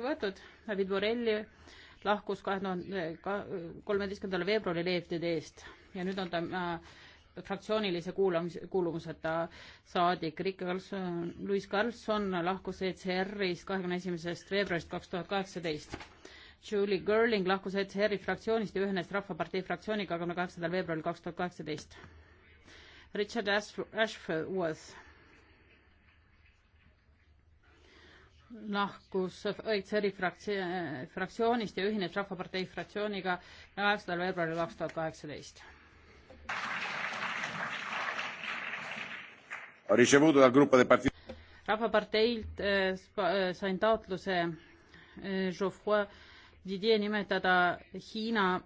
vastu võetud, David Borrelli lahkus kahe tuhande eh, kolmeteistkümnendal veebruaril EFTD-st ja nüüd on ta äh, fraktsioonilise kuulamise, kuulumuseta saadik Rick Carlson, Louis Carlson lahkus ECR-ist kahekümne esimesest veebruarist kaks tuhat kaheksateist. Julie Gerling lahkus ECR-i fraktsioonist ja ühenes Rahvapartei fraktsiooniga kahekümne kaheksandal veebruaril kaks tuhat kaheksateist. Richard Ashworth lahkus õitseri fraktsioon, fraktsioonist ja ühines Rahvapartei fraktsiooniga kaheksandal veebruaril kaks tuhat kaheksateist. rahvaparteilt eh, eh, sain taotluse eh, Geoffroy Didier nimetada Hiina